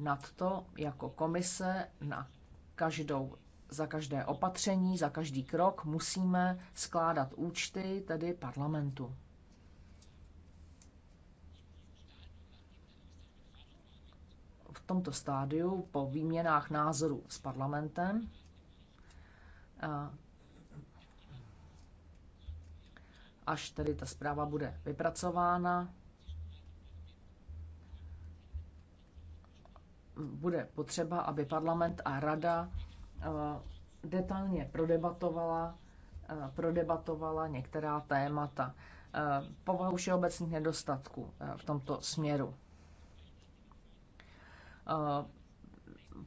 nad to jako komise na každou, za každé opatření, za každý krok musíme skládat účty, tedy parlamentu. V tomto stádiu po výměnách názorů s parlamentem až tedy ta zpráva bude vypracována, bude potřeba, aby parlament a rada eh, detailně prodebatovala, eh, prodebatovala některá témata eh, povahu všeobecných nedostatků v tomto směru.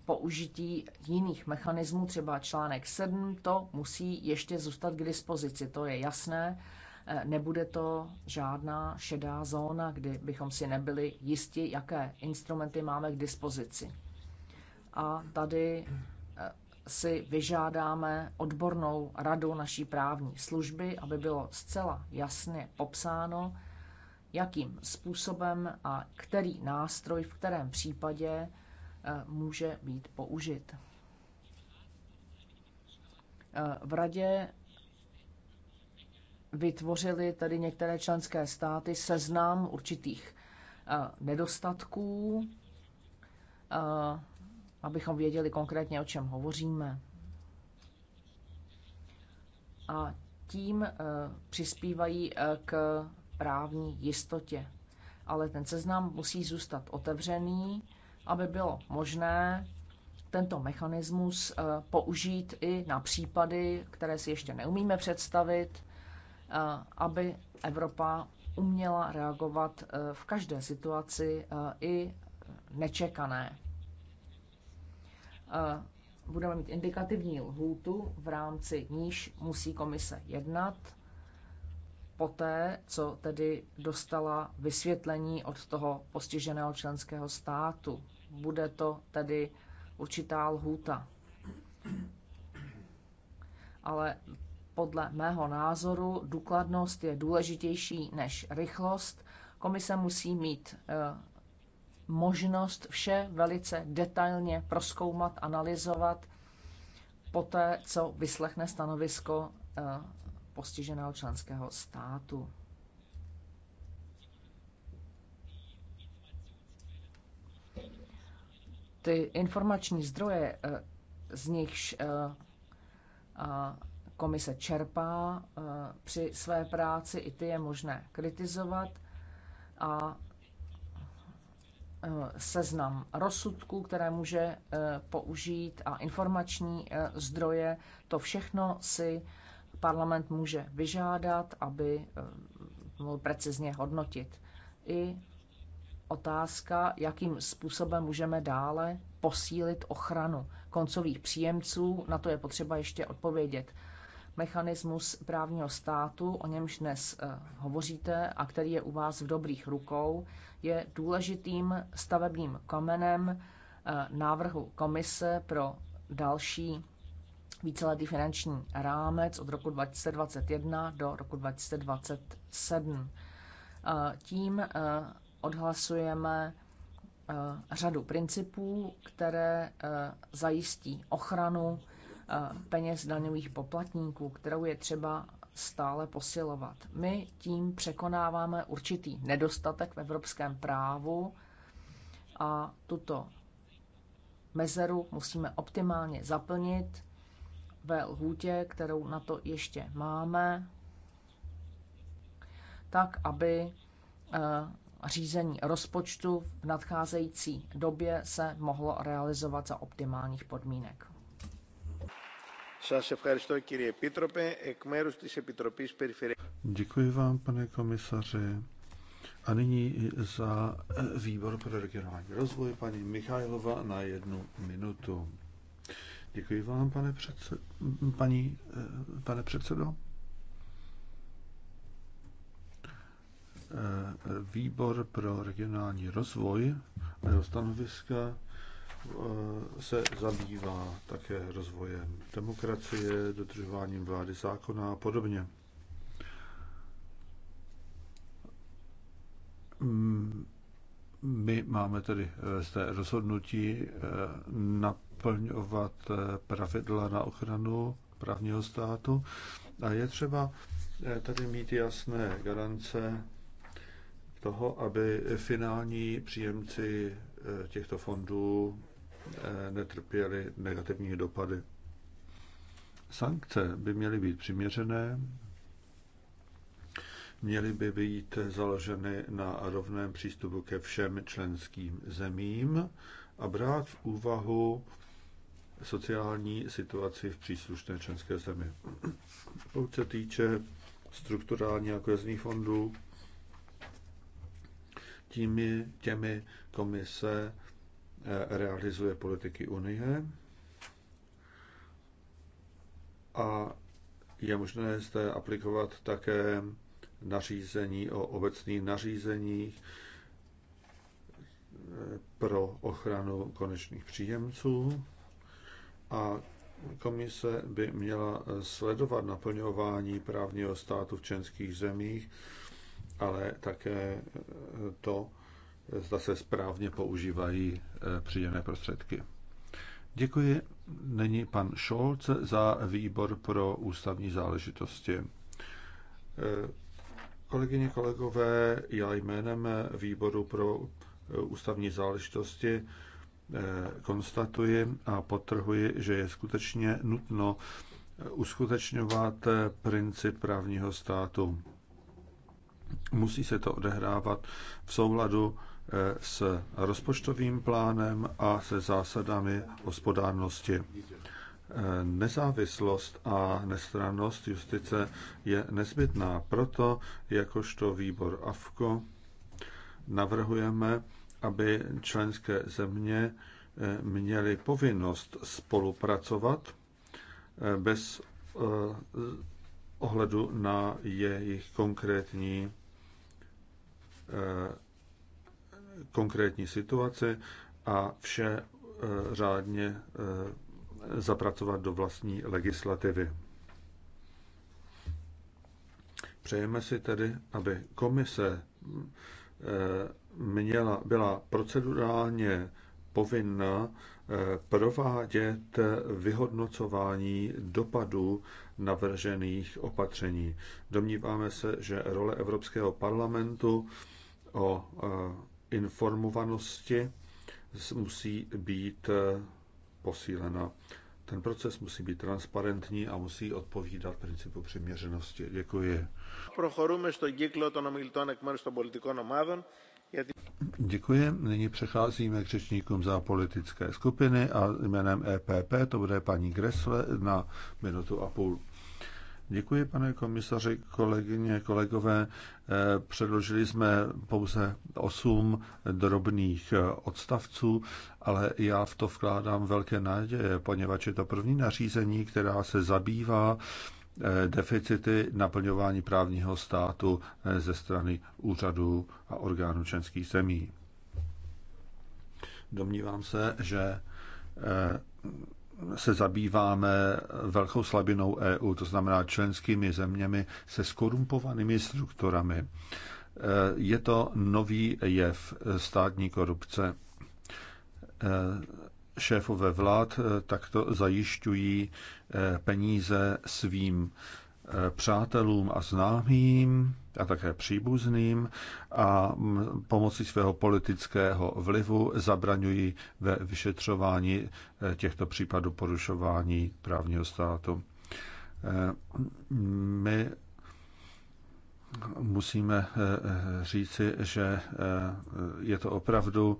Použití jiných mechanismů, třeba článek 7, to musí ještě zůstat k dispozici, to je jasné, Eh, nebude to žádná šedá zóna, kdy bychom si nebyli jisti, jaké instrumenty máme k dispozici. A tady eh, si vyžádáme odbornou radu naší právní služby, aby bylo zcela jasně popsáno, jakým způsobem a který nástroj v kterém případě eh, může být použit. V radě vytvořili tady některé členské státy seznam určitých eh, nedostatků, eh, abychom věděli konkrétně, o čem hovoříme. A tím eh, přispívají k právní jistotě. Ale ten seznam musí zůstat otevřený, aby bylo možné tento mechanismus použít i na případy, které si ještě neumíme představit, Eh, aby Evropa uměla reagovat eh, v každé situaci eh, i nečekané. Budeme mít indikativní lhůtu, v rámci níž musí komise jednat, poté, co tedy dostala vysvětlení od toho postiženého členského státu. Bude to tedy určitá lhůta. Ale podle mého názoru důkladnost je důležitější než rychlost. Komise musí mít eh, možnost vše velice detailně proskoumat, analyzovat poté, co vyslechne stanovisko eh, postiženého členského státu. Ty informační zdroje, eh, z nichž komise čerpá eh, při své práci, i ty je možné kritizovat a eh, seznam rozsudků, které může eh, použít a informační zdroje, to všechno si parlament může vyžádat, aby mohl precizně hodnotit. I otázka, jakým způsobem můžeme dále posílit ochranu koncových příjemců, na to je potřeba ještě odpovědět mechanismus právního státu, o němž dnes eh, hovoříte a který je u vás v dobrých rukou, je důležitým stavebním kamenem eh, návrhu komise pro další víceletý finanční rámec od roku 2021 do roku 2027. Eh, tím odhlasujeme řadu principů, které zajistí ochranu Eh, peněz daňových poplatníků, kterou je třeba stále posilovat. My tím překonáváme určitý nedostatek v evropském právu a tuto mezeru musíme optimálně zaplnit ve lhůtě, kterou na to ještě máme, tak, aby eh, řízení rozpočtu v nadcházející době se mohlo realizovat za optimálních podmínek. Děkuji vám, pane komisaři. A nyní za eh, výbor pro regionální rozvoj paní Michajlova na jednu minutu. Děkuji vám, pane, předse- paní, eh, pane předsedo. Eh, výbor pro regionální rozvoj a jeho stanoviska Eh, se zabývá také rozvojem demokracie, dodržováním vlády zákona a podobně. Mm, my máme tedy té eh, rozhodnutí eh, naplňovat pravidla na ochranu právního státu a je třeba tady mít jasné garance toho, aby finální příjemci těchto fondů Eh, netrpěly negativní dopady. Sankce by měly být přiměřené, měly by být založeny na rovném přístupu ke všem členským zemím a brát v úvahu sociální situaci v příslušné členské zemi. Pokud se týče strukturální a kvězných fondů, těmi, těmi komise Eh, realizuje politiky Unie a je možné zde aplikovat také nařízení o obecných nařízeních eh, pro ochranu konečných příjemců a komise by měla sledovat naplňování právního státu v členských zemích, ale také to, zda se správně používají eh, přidělené prostředky. Děkuji. Není pan Scholz za výbor pro ústavní záležitosti. Eh, kolegyně, kolegové, já jménem výboru pro eh, ústavní záležitosti konstatuji a potrhuji, že je skutečně nutno uskutečňovat princip právního státu. Musí se to odehrávat v souladu Eh, s rozpočtovým plánem a se zásadami hospodárnosti. Eh, nezávislost a nestrannost justice je nezbytná. Proto, jakožto výbor AFKO, navrhujeme, aby členské země eh, měly povinnost spolupracovat bez ohledu na jejich konkrétní konkrétní situaci a vše eh, řádně eh, zapracovat do vlastní legislativy. Přejeme si tedy, aby komise eh, měla, byla procedurálně povinna provádět vyhodnocování dopadů navržených opatření. Domníváme se, že role Evropského parlamentu o informovanosti musí být eh, posílena. Ten proces musí být transparentní a musí odpovídat principu přiměřenosti. Děkuji. Prochorujeme στο κύκλο των ομιλητών εκ μέρους ομάδων. Děkuji. Nyní přecházíme k řečníkům za politické skupiny a jménem EPP to bude paní Gresle na minutu a půl. Děkuji, pane komisaři, kolegyně, kolegové. Eh, předložili jsme pouze osm drobných eh, odstavců, ale já v to vkládám velké naděje, poněvadž je to první nařízení, která se zabývá eh, deficity naplňování právního státu ze strany úřadů a orgánů členských zemí. Domnívám se, že se zabýváme velkou slabinou EU, to znamená členskými zeměmi se skorumpovanými strukturami. Eh, je to nový jev státní korupce. Eh, šéfové vlád eh, takto zajišťují peníze svým přátelům a známým a také příbuzným a pomocí svého politického vlivu zabraňují ve vyšetřování eh, těchto případů porušování právního státu. Eh, my musíme eh, říci, že je to opravdu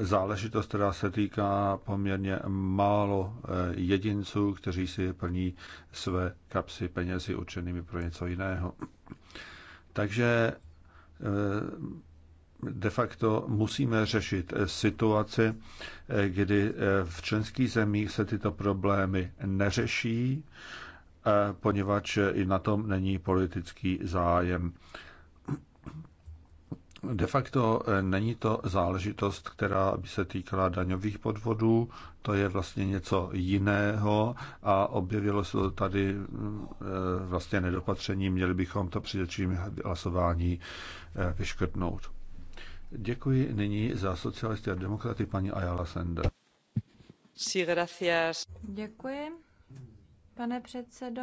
záležitost, která se týká poměrně málo jedinců, kteří si plní své kapsy penězi určenými pro něco jiného. Takže eh, de facto musíme řešit eh, situaci, eh, kdy v členských zemích se tyto problémy neřeší, poněvadž i na tom není politický zájem. De facto eh, není to záležitost, která by se týkala daňových podvodů, to je vlastně něco jiného a objevilo se to tady mm, eh, vlastně nedopatření, měli bychom to především hlasování eh, vyškrtnout. Děkuji nyní za socialisty a demokraty paní Ayala Sender. Sí, gracias. Děkuji, pane předsedo.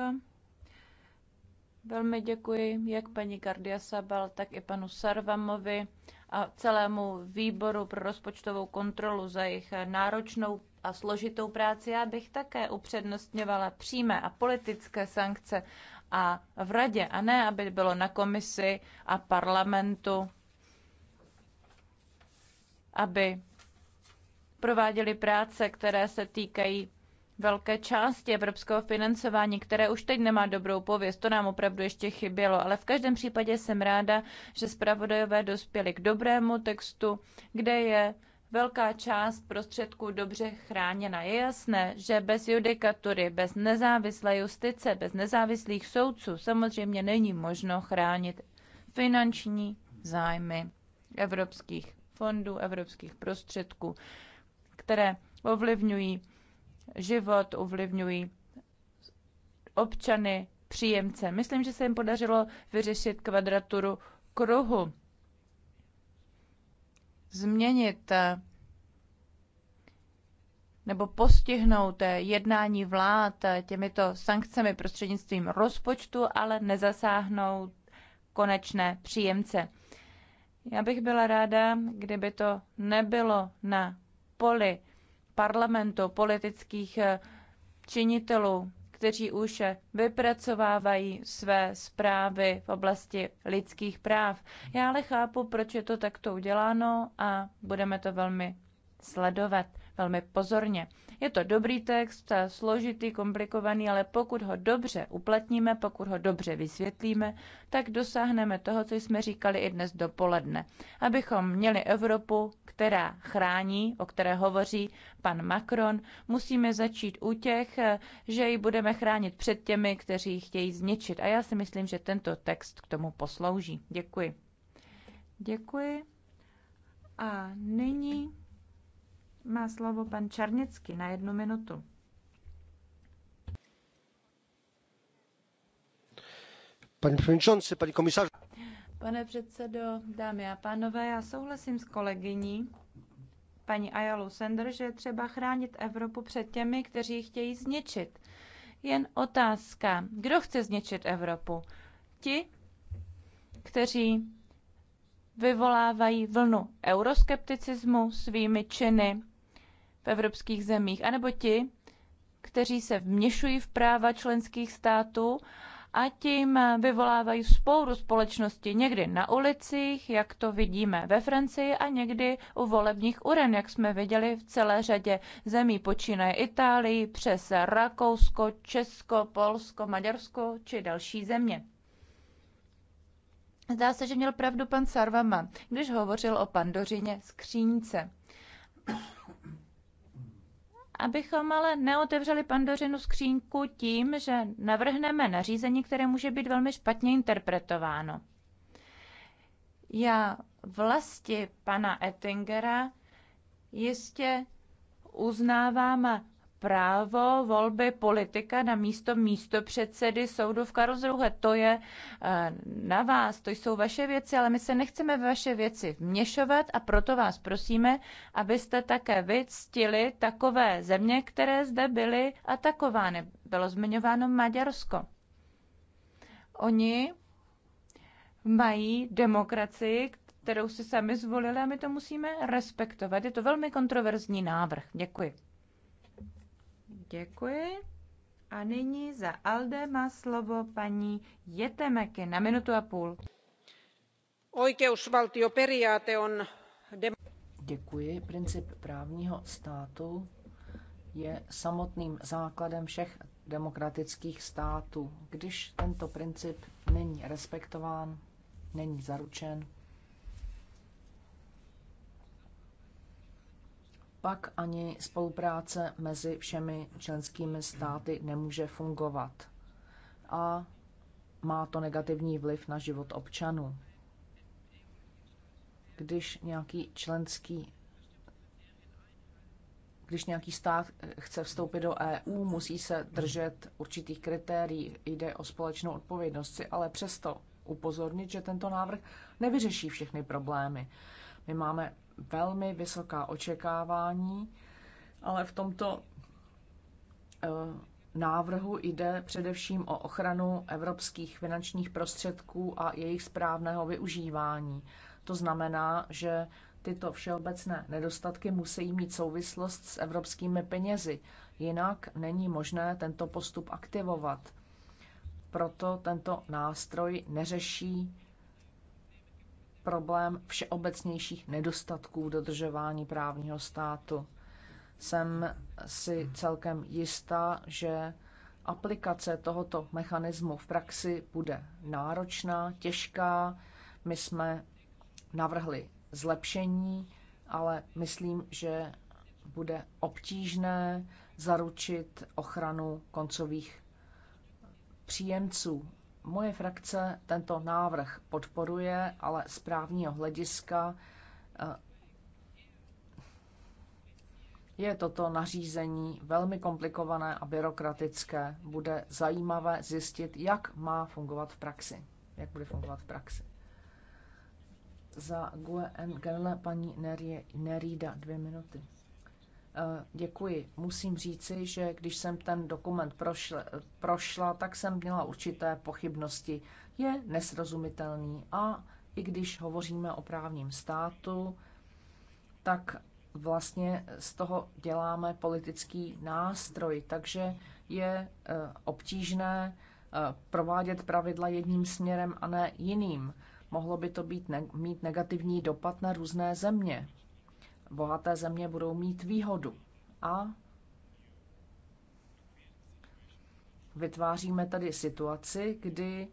Velmi děkuji jak paní Gardiasabal tak i panu Sarvamovi a celému výboru pro rozpočtovou kontrolu za jejich náročnou a složitou práci. Já bych také upřednostňovala přímé a politické sankce a v radě, a ne, aby bylo na komisi a parlamentu, aby prováděli práce, které se týkají velké části evropského financování, které už teď nemá dobrou pověst, to nám opravdu ještě chybělo, ale v každém případě jsem ráda, že zpravodajové dospěli k dobrému textu, kde je velká část prostředků dobře chráněna. Je jasné, že bez judikatury, bez nezávislé justice, bez nezávislých soudců samozřejmě není možno chránit finanční zájmy evropských fondů, evropských prostředků, které ovlivňují život, ovlivňují občany, příjemce. Myslím, že se jim podařilo vyřešit kvadraturu kruhu, změnit eh, nebo postihnout eh, jednání vlád eh, těmito sankcemi prostřednictvím rozpočtu, ale nezasáhnout konečné příjemce. Já bych byla ráda, kdyby to nebylo na poli parlamentu, politických eh, činitelů, kteří už eh, vypracovávají své zprávy v oblasti lidských práv. Já ale chápu, proč je to takto uděláno a budeme to velmi sledovat velmi pozorně. Je to dobrý text, složitý, komplikovaný, ale pokud ho dobře uplatníme, pokud ho dobře vysvětlíme, tak dosáhneme toho, co jsme říkali i dnes dopoledne. Abychom měli Evropu, která chrání, o které hovoří pan Macron, musíme začít u těch, že ji budeme chránit před těmi, kteří ji chtějí zničit. A já si myslím, že tento text k tomu poslouží. Děkuji. Děkuji. A nyní má slovo pan Čarněcky na jednu minutu. Pane předsedající, paní komisař. Pane předsedo, dámy a pánové, já souhlasím s kolegyní paní Ayalu Sender, že je třeba chránit Evropu před těmi, kteří chtějí zničit. Jen otázka, kdo chce zničit Evropu? Ti, kteří vyvolávají vlnu euroskepticismu svými činy, v evropských zemích, anebo ti, kteří se vměšují v práva členských států a tím vyvolávají spouru společnosti někdy na ulicích, jak to vidíme ve Francii, a někdy u volebních uren, jak jsme viděli v celé řadě zemí, počínaje Itálii přes Rakousko, Česko, Polsko, Maďarsko či další země. Zdá se, že měl pravdu pan Sarvama, když hovořil o pandořině skřínce abychom ale neotevřeli pandořinu skřínku tím, že navrhneme nařízení, které může být velmi špatně interpretováno. Já vlasti pana Ettingera jistě uznávám a právo volby politika na místo místo předsedy soudu v Karlsruhe. To je eh, na vás, to jsou vaše věci, ale my se nechceme ve vaše věci vměšovat a proto vás prosíme, abyste také vy ctili takové země, které zde byly atakovány. Bylo zmiňováno Maďarsko. Oni mají demokracii, kterou si sami zvolili a my to musíme respektovat. Je to velmi kontroverzní návrh. Děkuji. Děkuji. A nyní za ALDE má slovo paní Jetemeke na minutu a půl. Oikeusvaltioperiaate on... Děkuji. Princip právního státu je samotným základem všech demokratických států. Když tento princip není respektován, není zaručen, pak ani spolupráce mezi všemi členskými státy nemůže fungovat. A má to negativní vliv na život občanů. Když nějaký členský když nějaký stát chce vstoupit do EU, musí se držet určitých kritérií, jde o společnou odpovědnost, ale přesto upozornit, že tento návrh nevyřeší všechny problémy. My máme velmi vysoká očekávání, ale v tomto eh, návrhu jde především o ochranu evropských finančních prostředků a jejich správného využívání. To znamená, že tyto všeobecné nedostatky musí mít souvislost s evropskými penězi, jinak není možné tento postup aktivovat. Proto tento nástroj neřeší problém všeobecnějších nedostatků dodržování právního státu. Jsem si celkem jistá, že aplikace tohoto mechanismu v praxi bude náročná, těžká. My jsme navrhli zlepšení, ale myslím, že bude obtížné zaručit ochranu koncových příjemců Moje frakce tento návrh podporuje, ale z právního hlediska eh, je toto nařízení velmi komplikované a byrokratické. Bude zajímavé zjistit, jak má fungovat v praxi. Jak bude fungovat v praxi. Za GUE paní Nerida dvě minuty. Eh, děkuji. Musím říci, že když jsem ten dokument prošla, prošla, tak jsem měla určité pochybnosti. Je nesrozumitelný a i když hovoříme o právním státu, tak vlastně z toho děláme politický nástroj, takže je eh, obtížné eh, provádět pravidla jedním směrem a ne jiným. Mohlo by to být mít negativní dopad na různé země bohaté země budou mít výhodu. A vytváříme tady situaci, kdy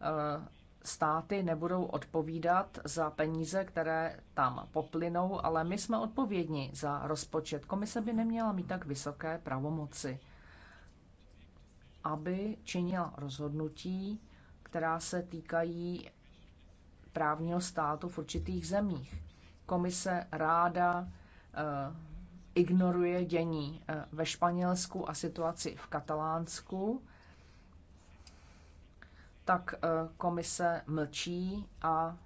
eh, státy nebudou odpovídat za peníze, které tam poplynou, ale my jsme odpovědní za rozpočet. Komise by neměla mít tak vysoké pravomoci, aby činila rozhodnutí, která se týkají právního státu v určitých zemích komise ráda eh, ignoruje dění eh, ve Španělsku a situaci v Katalánsku, tak eh, komise mlčí a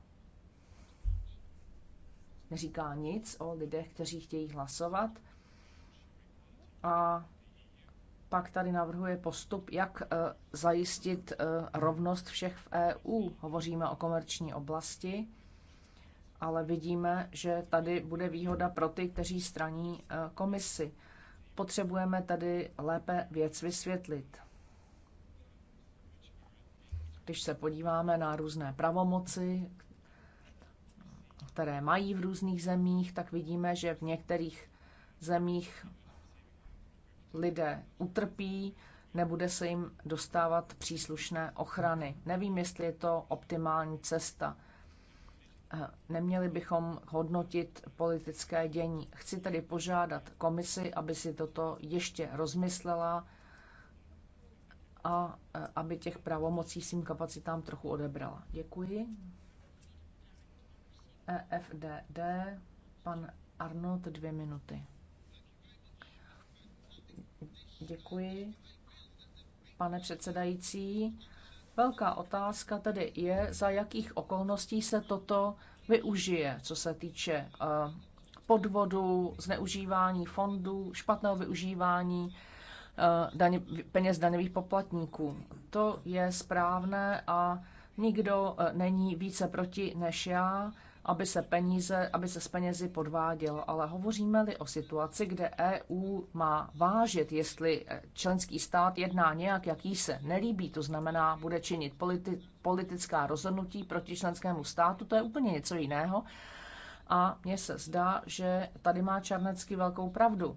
neříká nic o lidech, kteří chtějí hlasovat. A pak tady navrhuje postup, jak zajistit rovnost všech v EU. Hovoříme o komerční oblasti ale vidíme, že tady bude výhoda pro ty, kteří straní eh, komisi. Potřebujeme tady lépe věc vysvětlit. Když se podíváme na různé pravomoci, které mají v různých zemích, tak vidíme, že v některých zemích lidé utrpí, nebude se jim dostávat příslušné ochrany. Nevím, jestli je to optimální cesta. Neměli bychom hodnotit politické dění. Chci tedy požádat komisi, aby si toto ještě rozmyslela a eh, aby těch pravomocí svým kapacitám trochu odebrala. Děkuji. EFDD, pan Arnold, dvě minuty. Děkuji, pane předsedající. Velká otázka tedy je, za jakých okolností se toto využije, co se týče eh, podvodu, zneužívání fondů, špatného využívání eh, daně, peněz daňových poplatníků. To je správné a nikdo eh, není více proti než já aby se, peníze, aby se s penězi podvádělo. Ale hovoříme-li o situaci, kde EU má vážit, jestli členský stát jedná nějak, jaký se nelíbí, to znamená, bude činit politi- politická rozhodnutí proti členskému státu, to je úplně něco jiného. A mně se zdá, že tady má Čarnecký velkou pravdu.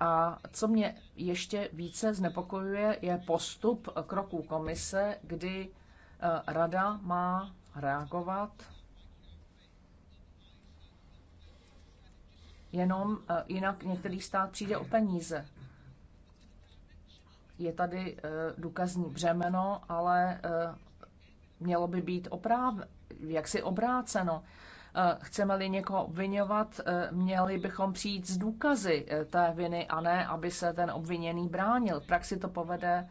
A co mě ještě více znepokojuje, je postup kroků komise, kdy eh, Rada má reagovat jenom e, jinak některý stát přijde o peníze. Je tady e, důkazní břemeno, ale e, mělo by být opráv, jaksi obráceno. Chceme-li někoho obvinovat, měli bychom přijít z důkazy té viny a ne, aby se ten obviněný bránil. V praxi to povede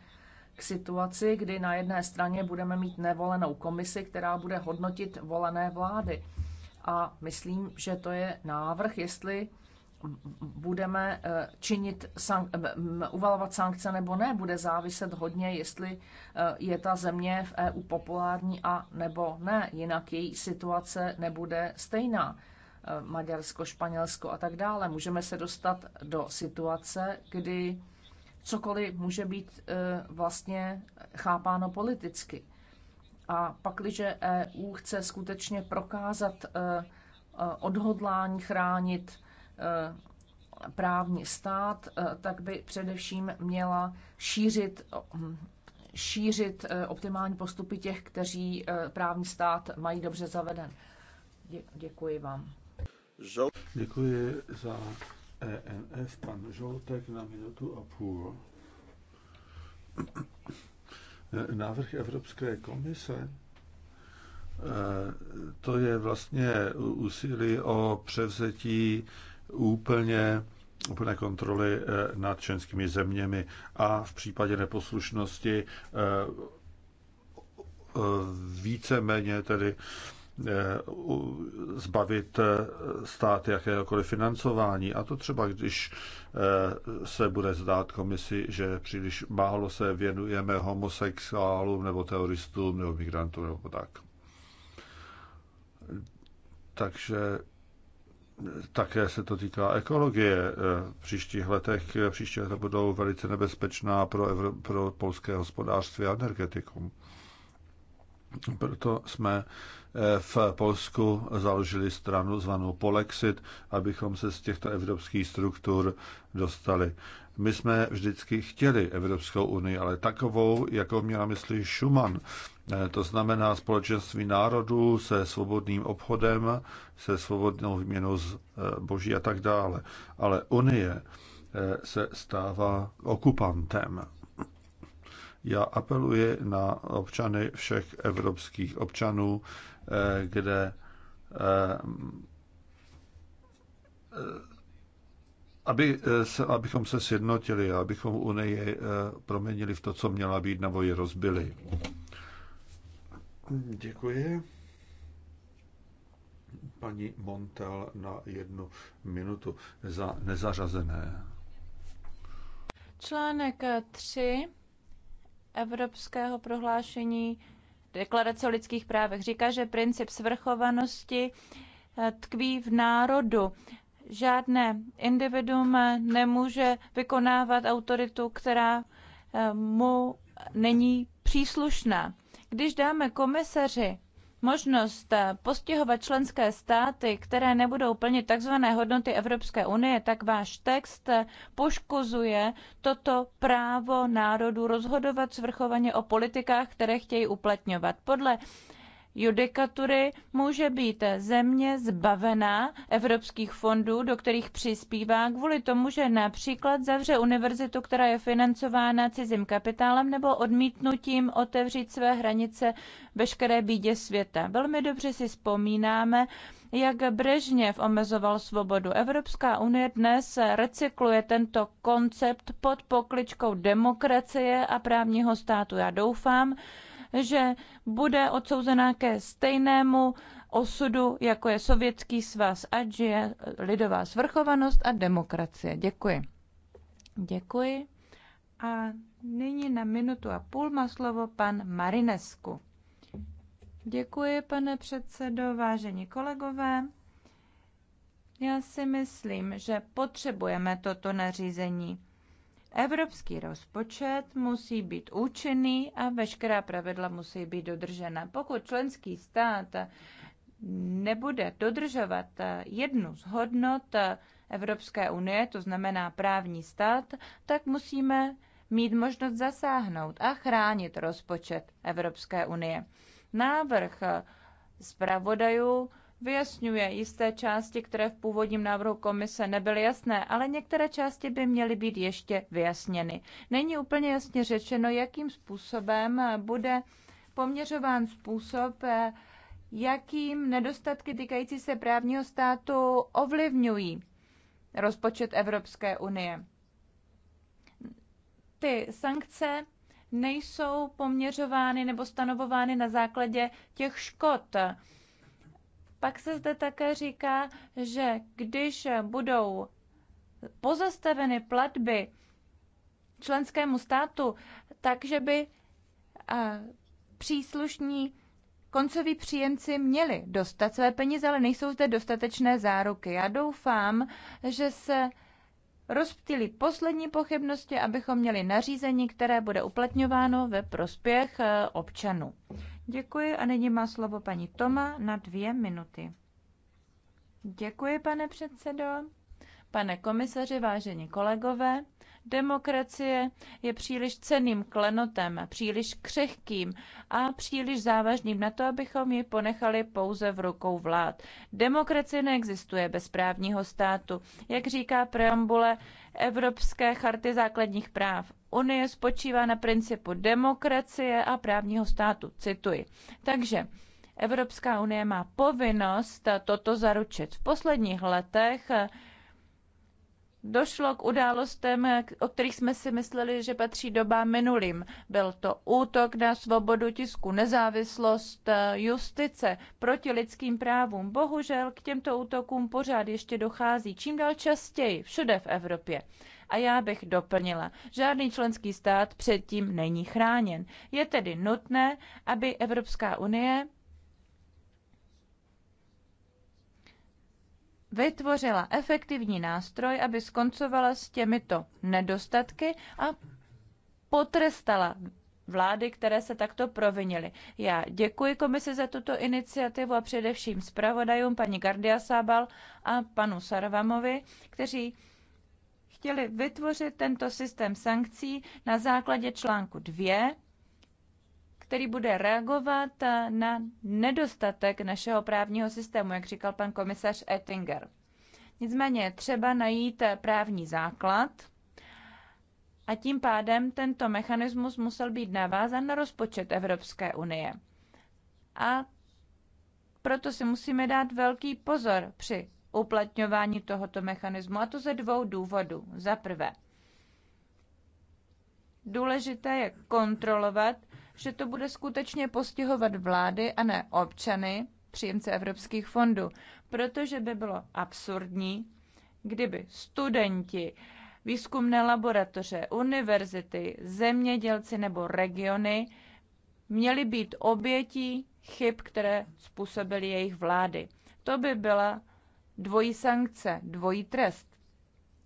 k situaci, kdy na jedné straně budeme mít nevolenou komisi, která bude hodnotit volené vlády a myslím, že to je návrh, jestli budeme eh, činit, eh, uvalovat sankce nebo ne, bude záviset hodně, jestli eh, je ta země v EU populární a nebo ne, jinak její situace nebude stejná. Maďarsko, Španělsko a tak dále. Můžeme se dostat do situace, kdy cokoliv může být vlastně chápáno politicky. A pakliže EU chce skutečně prokázat eh, eh, odhodlání chránit eh, právní stát, tak by především měla šířit hm, šířit optimální postupy těch, kteří právní stát mají dobře zaveden. Děkuji vám. Děkuji za ENF, pan Žoltek na minutu a půl návrh Evropské komise, eh, to je vlastně úsilí o převzetí úplně úplné kontroly eh, nad členskými zeměmi a v případě neposlušnosti eh, víceméně tedy Eh, zbavit eh, stát jakéhokoliv financování. A to třeba, když eh, se bude zdát komisi, že příliš málo se věnujeme homosexuálům nebo teroristům nebo migrantům nebo tak. Takže také se to týká ekologie. V příštích letech příští leta budou velice nebezpečná pro, Evro, pro polské hospodářství a energetiku. Proto jsme v Polsku založili stranu zvanou Polexit, abychom se z těchto evropských struktur dostali. My jsme vždycky chtěli Evropskou unii, ale takovou, jako měla myslí Schumann. Eh, to znamená společenství národů se svobodným obchodem, se svobodnou výměnou eh, boží a tak dále. Ale Unie eh, se stává okupantem. Já apeluji na občany všech evropských občanů, Eh, kde eh, aby eh, se, abychom se sjednotili a abychom Unii proměnili v to, co měla být, nebo ji rozbili. Děkuji. Paní Montel na jednu minutu za nezařazené. Článek 3 Evropského prohlášení deklarace o lidských právech. Říká, že princip svrchovanosti eh, tkví v národu. Žádné individuum eh, nemůže vykonávat autoritu, která eh, mu není příslušná. Když dáme komisaři možnost eh, postihovat členské státy, které nebudou plnit tzv. hodnoty Evropské unie, tak váš text eh, poškozuje toto právo národů rozhodovat svrchovaně o politikách, které chtějí uplatňovat. Podle judikatury může být země zbavená evropských fondů, do kterých přispívá kvůli tomu, že například zavře univerzitu, která je financována cizím kapitálem nebo odmítnutím otevřít své hranice veškeré bídě světa. Velmi dobře si vzpomínáme, jak Brežněv omezoval svobodu. Evropská unie dnes recykluje tento koncept pod pokličkou demokracie a právního státu. Já doufám, že bude odsouzená ke stejnému osudu, jako je Sovětský svaz, ať je lidová svrchovanost a demokracie. Děkuji. Děkuji. A nyní na minutu a půl má slovo pan Marinesku. Děkuji, pane předsedo, vážení kolegové. Já si myslím, že potřebujeme toto nařízení Evropský rozpočet musí být účinný a veškerá pravidla musí být dodržena. Pokud členský stát nebude dodržovat jednu z hodnot Evropské unie, to znamená právní stát, tak musíme mít možnost zasáhnout a chránit rozpočet Evropské unie. Návrh zpravodajů vyjasňuje jisté části, které v původním návrhu komise nebyly jasné, ale některé části by měly být ještě vyjasněny. Není úplně jasně řečeno, jakým způsobem bude poměřován způsob, jakým nedostatky týkající se právního státu ovlivňují rozpočet Evropské unie. Ty sankce nejsou poměřovány nebo stanovovány na základě těch škod, pak se zde také říká, že když budou pozastaveny platby členskému státu, takže by příslušní koncoví příjemci měli dostat své peníze, ale nejsou zde dostatečné záruky. Já doufám, že se rozptýlí poslední pochybnosti, abychom měli nařízení, které bude uplatňováno ve prospěch e, občanů. Děkuji a nyní má slovo paní Toma na dvě minuty. Děkuji, pane předsedo. Pane komisaři, vážení kolegové, Demokracie je příliš ceným klenotem, příliš křehkým a příliš závažným na to, abychom ji ponechali pouze v rukou vlád. Demokracie neexistuje bez právního státu, jak říká preambule Evropské charty základních práv. Unie spočívá na principu demokracie a právního státu, cituji. Takže Evropská unie má povinnost toto zaručit. V posledních letech došlo k událostem, o kterých jsme si mysleli, že patří doba minulým. Byl to útok na svobodu tisku, nezávislost eh, justice proti lidským právům. Bohužel k těmto útokům pořád ještě dochází, čím dál častěji, všude v Evropě. A já bych doplnila, žádný členský stát předtím není chráněn. Je tedy nutné, aby Evropská unie vytvořila efektivní nástroj, aby skoncovala s těmito nedostatky a potrestala vlády, které se takto provinily. Já děkuji komisi za tuto iniciativu a především zpravodajům paní Gardia Sábal a panu Sarvamovi, kteří chtěli vytvořit tento systém sankcí na základě článku 2 který bude reagovat eh, na nedostatek našeho právního systému, jak říkal pan komisař Ettinger. Nicméně je třeba najít eh, právní základ a tím pádem tento mechanismus musel být navázan na rozpočet Evropské unie. A proto si musíme dát velký pozor při uplatňování tohoto mechanismu, a to ze dvou důvodů. Za prvé, důležité je kontrolovat, že to bude skutečně postihovat vlády a ne občany, příjemce evropských fondů, protože by bylo absurdní, kdyby studenti, výzkumné laboratoře, univerzity, zemědělci nebo regiony měli být obětí chyb, které způsobily jejich vlády. To by byla dvojí sankce, dvojí trest.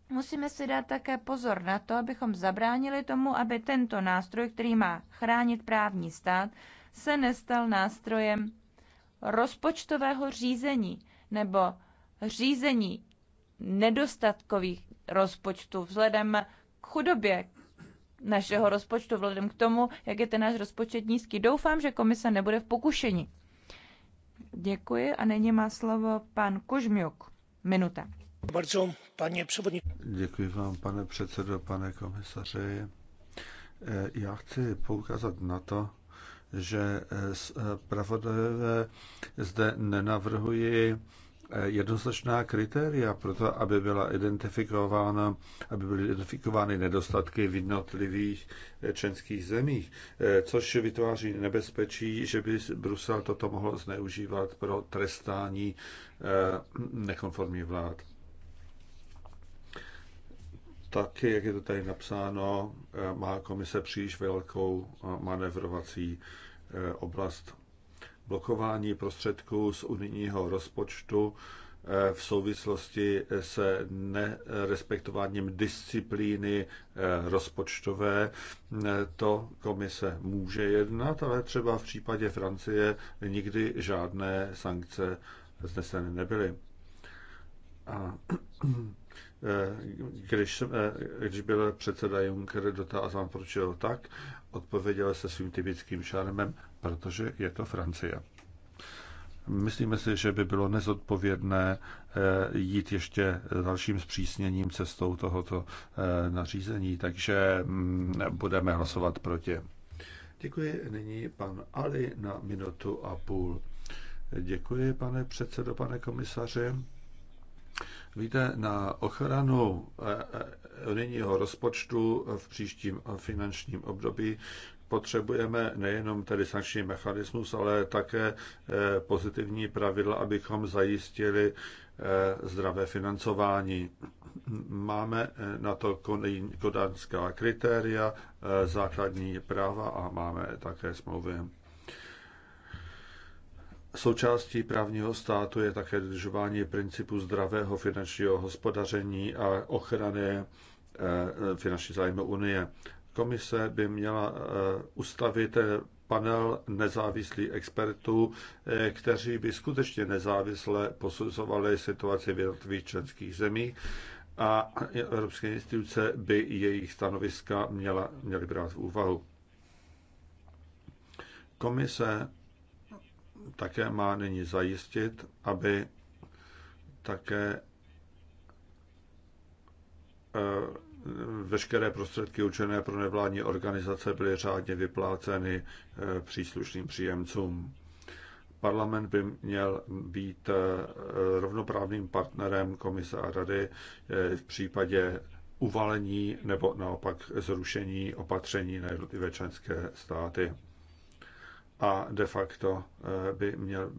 Musíme si dát také pozor na to, abychom zabránili tomu, aby tento nástroj, který má chránit právní stát, se nestal nástrojem rozpočtového řízení nebo řízení nedostatkových rozpočtů vzhledem k chudobě našeho rozpočtu, vzhledem k tomu, jak je ten náš rozpočet nízký. Doufám, že komise nebude v pokušení. Děkuji a nyní má slovo pan Kožmiuk. Minuta. Děkuji vám, pane předsedo, pane komisaři. Eh, já chci poukázat na to, že zpravodajové eh, eh, zde nenavrhují jednoznačná kritéria pro to, aby, byla identifikována, aby byly identifikovány nedostatky v jednotlivých členských zemích, což vytváří nebezpečí, že by Brusel toto mohl zneužívat pro trestání nekonformních vlád tak, jak je to tady napsáno, eh, má komise příliš velkou eh, manevrovací eh, oblast. Blokování prostředků z unijního rozpočtu v souvislosti se nerespektováním disciplíny rozpočtové. To komise může jednat, ale třeba v případě Francie nikdy žádné sankce zneseny nebyly. A Eh, když, eh, když byl předseda Juncker dotázán, proč je tak, odpověděl se svým typickým šarmem, protože je to Francie. Myslíme si, že by bylo nezodpovědné eh, jít ještě dalším zpřísněním cestou tohoto nařízení, takže mm, budeme hlasovat proti. Děkuji. Nyní pan Ali na minutu a půl. Děkuji, pane předsedo, pane komisaři. Víte, na ochranu eh, eh, unijního rozpočtu v příštím finančním období potřebujeme nejenom tedy sankční mechanismus, ale také eh, pozitivní pravidla, abychom zajistili zdravé financování. Máme na to kodanská kritéria, základní práva a máme také smlouvy. Součástí právního státu je také dodržování principu zdravého finančního hospodaření a ochrany eh, finanční zájmu Unie. Komise by měla eh, ustavit eh, panel nezávislých expertů, kteří by skutečně nezávisle posuzovali situaci v jednotlivých členských zemích a evropské instituce by jejich stanoviska měla, měly brát v úvahu. Komise také má nyní zajistit, aby také eh, veškeré prostředky učené pro nevládní organizace byly řádně vypláceny eh, příslušným příjemcům. Parlament by měl být eh, rovnoprávným partnerem komise a rady v případě uvalení nebo naopak zrušení opatření na jednotlivé členské státy a de facto eh, by měl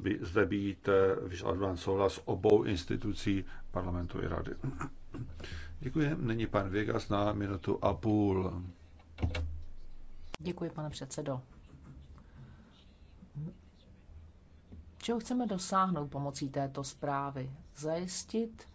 by zde být eh, vyžadován souhlas obou institucí parlamentu i rady. Děkuji. Není pan Věgas na minutu a půl. Děkuji, pane předsedo. Čeho chceme dosáhnout pomocí této zprávy? Zajistit,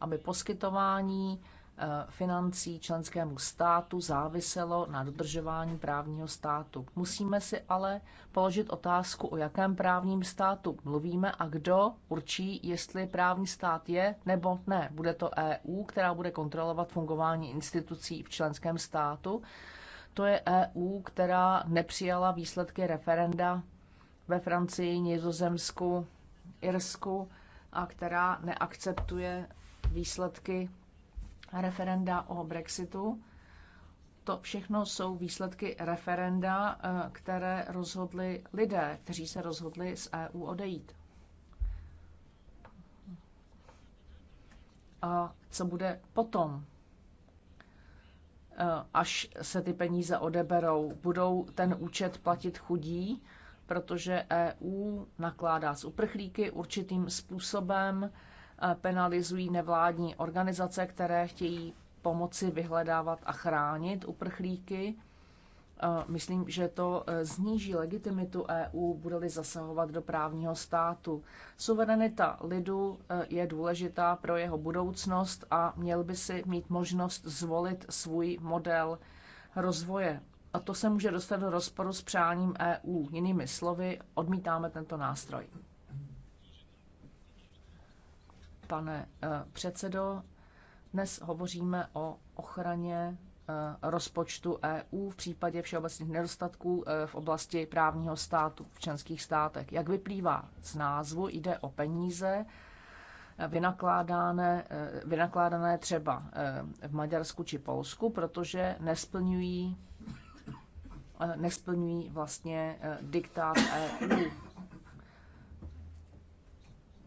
aby poskytování Eh, financí členskému státu záviselo na dodržování právního státu. Musíme si ale položit otázku, o jakém právním státu mluvíme a kdo určí, jestli právní stát je nebo ne. Bude to EU, která bude kontrolovat fungování institucí v členském státu. To je EU, která nepřijala výsledky referenda ve Francii, Nizozemsku, Irsku a která neakceptuje výsledky referenda o Brexitu. To všechno jsou výsledky referenda, eh, které rozhodli lidé, kteří se rozhodli z EU odejít. A co bude potom? Eh, až se ty peníze odeberou, budou ten účet platit chudí, protože EU nakládá s uprchlíky určitým způsobem, penalizují nevládní organizace, které chtějí pomoci vyhledávat a chránit uprchlíky. Myslím, že to zníží e, legitimitu EU, bude-li zasahovat do právního státu. Suverenita lidu e, je důležitá pro jeho budoucnost a měl by si mít možnost zvolit svůj model rozvoje. A to se může dostat do rozporu s přáním EU. Jinými slovy, odmítáme tento nástroj pane eh, předsedo. Dnes hovoříme o ochraně eh, rozpočtu EU v případě všeobecných nedostatků eh, v oblasti právního státu v členských státech. Jak vyplývá z názvu, jde o peníze vynakládané, vynakládané třeba v Maďarsku či Polsku, protože nesplňují, nesplňují vlastně diktát EU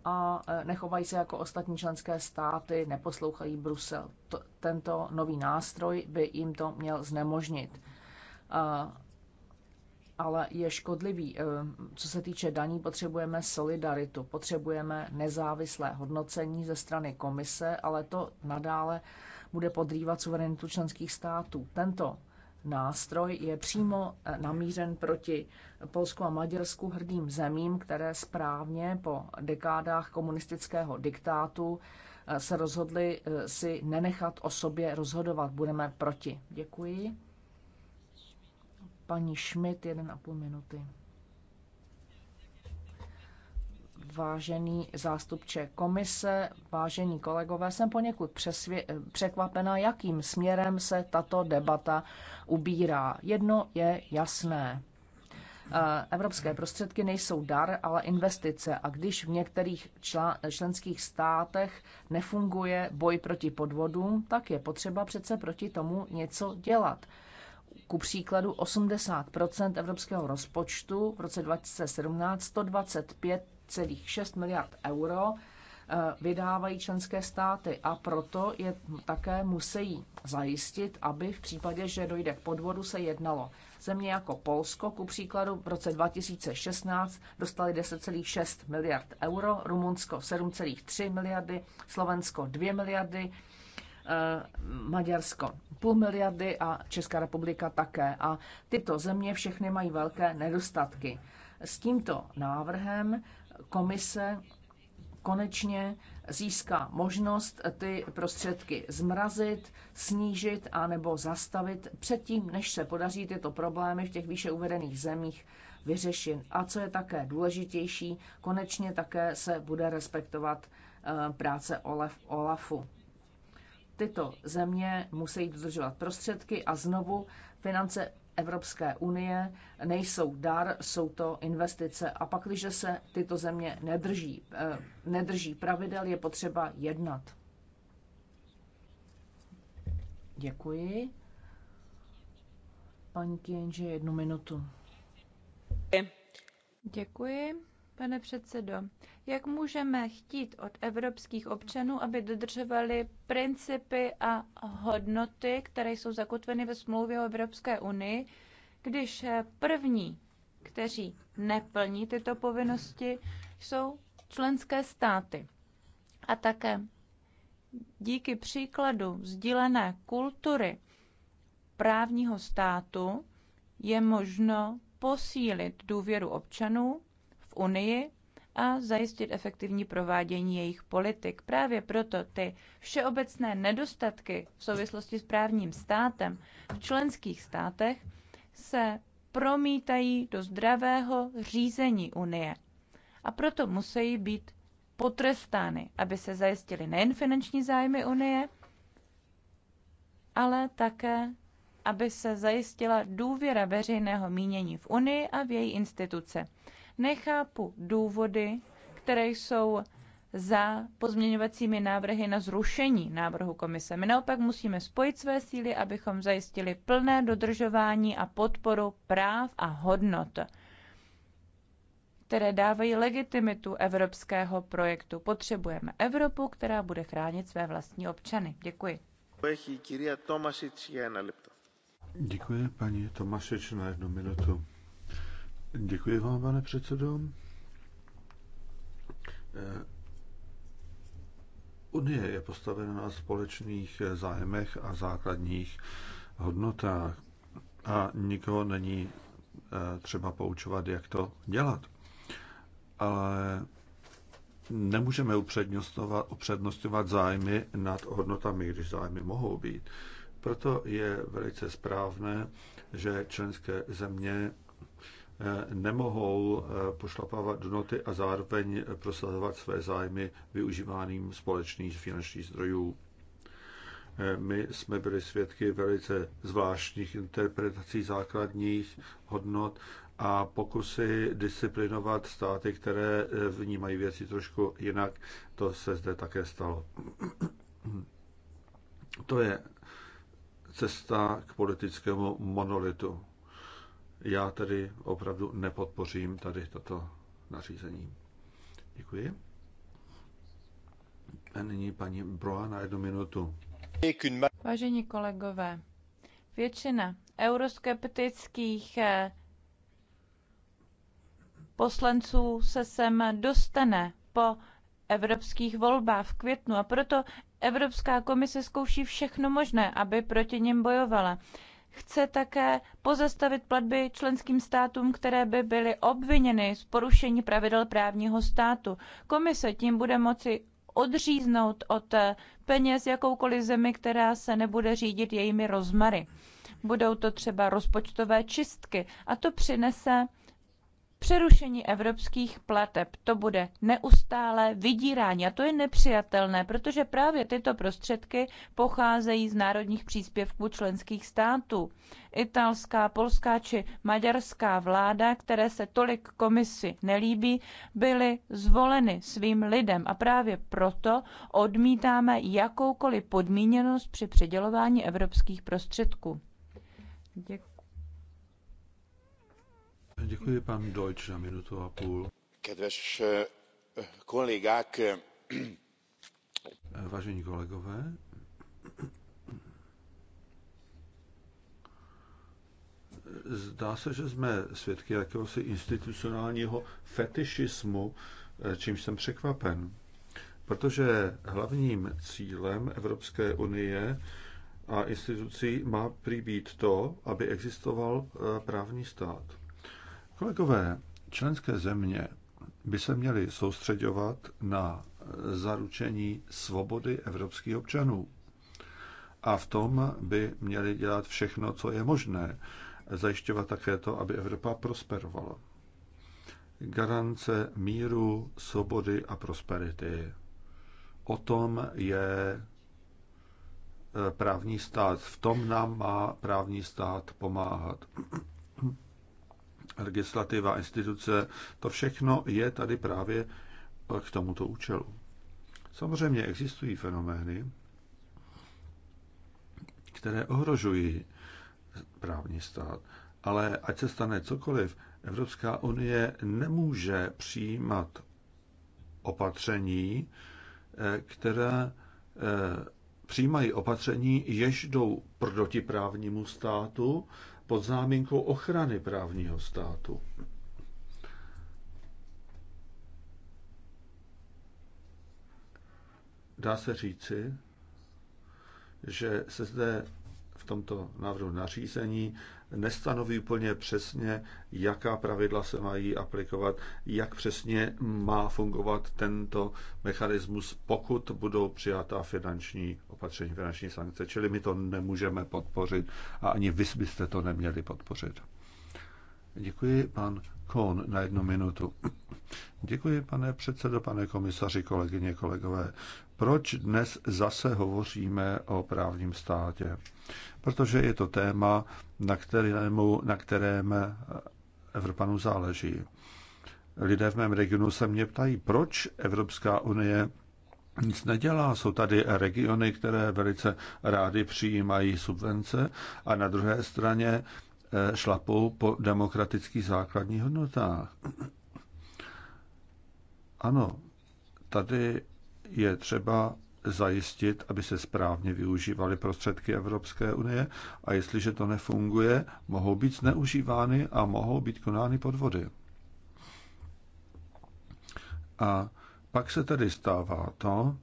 a e, nechovají se jako ostatní členské státy, neposlouchají Brusel. To, tento nový nástroj by jim to měl znemožnit. E, ale je škodlivý. E, co se týče daní, potřebujeme solidaritu, potřebujeme nezávislé hodnocení ze strany komise, ale to nadále bude podrývat suverenitu členských států. Tento nástroj je přímo eh, namířen proti Polsku a Maďarsku hrdým zemím, které správně po dekádách komunistického diktátu eh, se rozhodli eh, si nenechat o sobě rozhodovat. Budeme proti. Děkuji. Paní Schmidt, jeden a půl minuty. vážený zástupče komise, vážení kolegové, jsem poněkud přesvě- překvapena, jakým směrem se tato debata ubírá. Jedno je jasné. Eh, evropské prostředky nejsou dar, ale investice. A když v některých členských státech nefunguje boj proti podvodům, tak je potřeba přece proti tomu něco dělat. Ku příkladu 80 evropského rozpočtu v roce 2017, 125 1,6 miliard euro eh, vydávají členské státy a proto je také musí zajistit, aby v případě, že dojde k podvodu, se jednalo. Země jako Polsko, ku příkladu, v roce 2016 dostali 10,6 miliard euro, Rumunsko 7,3 miliardy, Slovensko 2 miliardy, eh, Maďarsko půl miliardy a Česká republika také. A tyto země všechny mají velké nedostatky. S tímto návrhem komise konečně získá možnost ty prostředky zmrazit, snížit a nebo zastavit předtím, než se podaří tyto problémy v těch výše uvedených zemích vyřešit. A co je také důležitější, konečně také se bude respektovat eh, práce Olaf, OLAFu. Tyto země musí dodržovat prostředky a znovu finance Evropské unie nejsou dar, jsou to investice. A pak, když se tyto země nedrží, eh, nedrží pravidel, je potřeba jednat. Děkuji. Paní Kienže, jednu minutu. Děkuji. Pane předsedo, jak můžeme chtít od evropských občanů, aby dodržovali principy a hodnoty, které jsou zakotveny ve smlouvě o Evropské unii, když první, kteří neplní tyto povinnosti, jsou členské státy. A také díky příkladu sdílené kultury právního státu je možno posílit důvěru občanů Unii a zajistit efektivní provádění jejich politik. Právě proto ty všeobecné nedostatky v souvislosti s právním státem v členských státech se promítají do zdravého řízení Unie. A proto musí být potrestány, aby se zajistily nejen finanční zájmy Unie, ale také, aby se zajistila důvěra veřejného mínění v Unii a v její instituce. Nechápu důvody, které jsou za pozměňovacími návrhy na zrušení návrhu komise. My naopak musíme spojit své síly, abychom zajistili plné dodržování a podporu práv a hodnot, které dávají legitimitu evropského projektu. Potřebujeme Evropu, která bude chránit své vlastní občany. Děkuji. Děkuji, paní Tomašič, na jednu minutu. Děkuji vám, pane předsedo. Eh, Unie je postavena na společných zájmech a základních hodnotách a nikoho není eh, třeba poučovat, jak to dělat. Ale nemůžeme upřednostňovat, upřednostňovat zájmy nad hodnotami, když zájmy mohou být. Proto je velice správné, že členské země nemohou eh, pošlapávat hodnoty a zároveň prosazovat své zájmy využíváním společných finančních zdrojů. Eh, my jsme byli svědky velice zvláštních interpretací základních hodnot a pokusy disciplinovat státy, které eh, vnímají věci trošku jinak, to se zde také stalo. To je cesta k politickému monolitu. Já tedy opravdu nepodpořím tady toto nařízení. Děkuji. A nyní paní Broa na jednu minutu. Vážení kolegové, většina euroskeptických eh, poslanců se sem dostane po evropských volbách v květnu a proto Evropská komise zkouší všechno možné, aby proti nim bojovala chce také pozastavit platby členským státům, které by byly obviněny z porušení pravidel právního státu. Komise tím bude moci odříznout od peněz jakoukoliv zemi, která se nebude řídit jejími rozmary. Budou to třeba rozpočtové čistky a to přinese přerušení evropských plateb. To bude neustále vydírání a to je nepřijatelné, protože právě tyto prostředky pocházejí z národních příspěvků členských států. Italská, polská či maďarská vláda, které se tolik komisi nelíbí, byly zvoleny svým lidem a právě proto odmítáme jakoukoliv podmíněnost při přidělování evropských prostředků. Děkuji. Děkuji, pan Deutsch, na minutu a půl. Kedves eh, kollégák, eh, Vážení kolegové, zdá se, že jsme svědky jakéhosi institucionálního fetišismu, eh, čímž jsem překvapen. Protože hlavním cílem Evropské unie a institucí má prý být to, aby existoval právní stát. Kolegové, členské země by se měly soustředovat na zaručení svobody evropských občanů. A v tom by měli dělat všechno, co je možné. Zajišťovat také to, aby Evropa prosperovala. Garance míru, svobody a prosperity. O tom je eh, právní stát. V tom nám má právní stát pomáhat legislativa, instituce, to všechno je tady právě k tomuto účelu. Samozřejmě existují fenomény, které ohrožují právní stát, ale ať se stane cokoliv, Evropská unie nemůže přijímat opatření, eh, které eh, přijímají opatření, jež jdou proti právnímu státu pod záminkou ochrany právního státu. Dá se říci, že se zde v tomto návrhu nařízení nestanoví úplně přesně, jaká pravidla se mají aplikovat, jak přesně má fungovat tento mechanismus, pokud budou přijatá finanční opatření, finanční sankce. Čili my to nemůžeme podpořit a ani vy byste to neměli podpořit. Děkuji, pan Kohn, na jednu minutu. Děkuji, pane předsedo, pane komisaři, kolegyně, kolegové. Proč dnes zase hovoříme o právním státě? Protože je to téma, na, kterému, na kterém Evropanu záleží. Lidé v mém regionu se mě ptají, proč Evropská unie nic nedělá. Jsou tady regiony, které velice rády přijímají subvence a na druhé straně eh, šlapou po demokratických základních hodnotách. Ano, tady je třeba zajistit, aby se správně využívaly prostředky Evropské unie a jestliže to nefunguje, mohou být zneužívány a mohou být konány podvody. A pak se tedy stává to,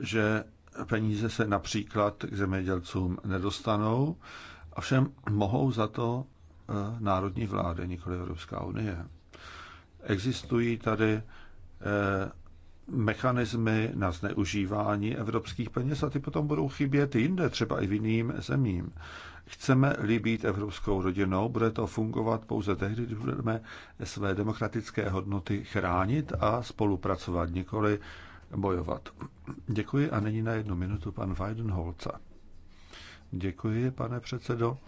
že peníze se například k zemědělcům nedostanou, všem mohou za to eh, národní vlády, nikoli Evropská unie. Existují tady eh, mechanismy na zneužívání evropských peněz a ty potom budou chybět jinde, třeba i v jiným zemím. Chceme-li být evropskou rodinou, bude to fungovat pouze tehdy, když budeme své demokratické hodnoty chránit a spolupracovat, nikoli bojovat. Děkuji a nyní na jednu minutu pan Weidenholzer. Děkuji, pane předsedo.